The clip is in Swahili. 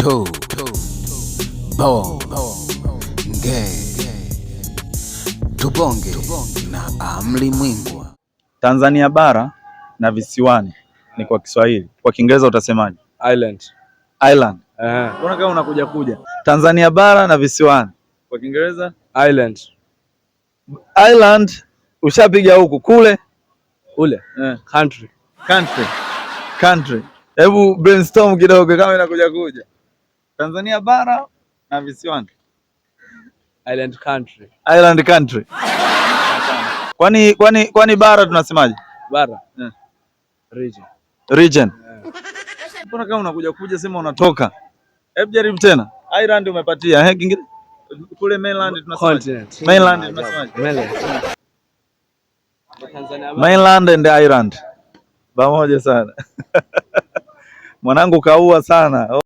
to bonge tubonge na amli mwingwa. Tanzania bara na visiwani ni kwa Kiswahili, kwa Kiingereza utasemaje? Island. Island. Eh. Mbona kama unakuja kuja. Tanzania bara na visiwani kwa Kiingereza Island. Island ushapiga huku kule ule eh. Country. Country. Country. Hebu brainstorm kidogo kama inakuja kuja Tanzania bara na visiwani. Island country. Island country. Kwani kwani kwani bara tunasemaje? Bara. Yeah. Region. Region. Mbona kama unakuja kuja sema unatoka. Hebu jaribu tena. Island umepatia. Eh, kingine? Kule mainland tunasemaje? Continent. Mainland ah, tunasemaje? Mainland. Mainland and Ireland. Pamoja sana. Mwanangu kaua sana.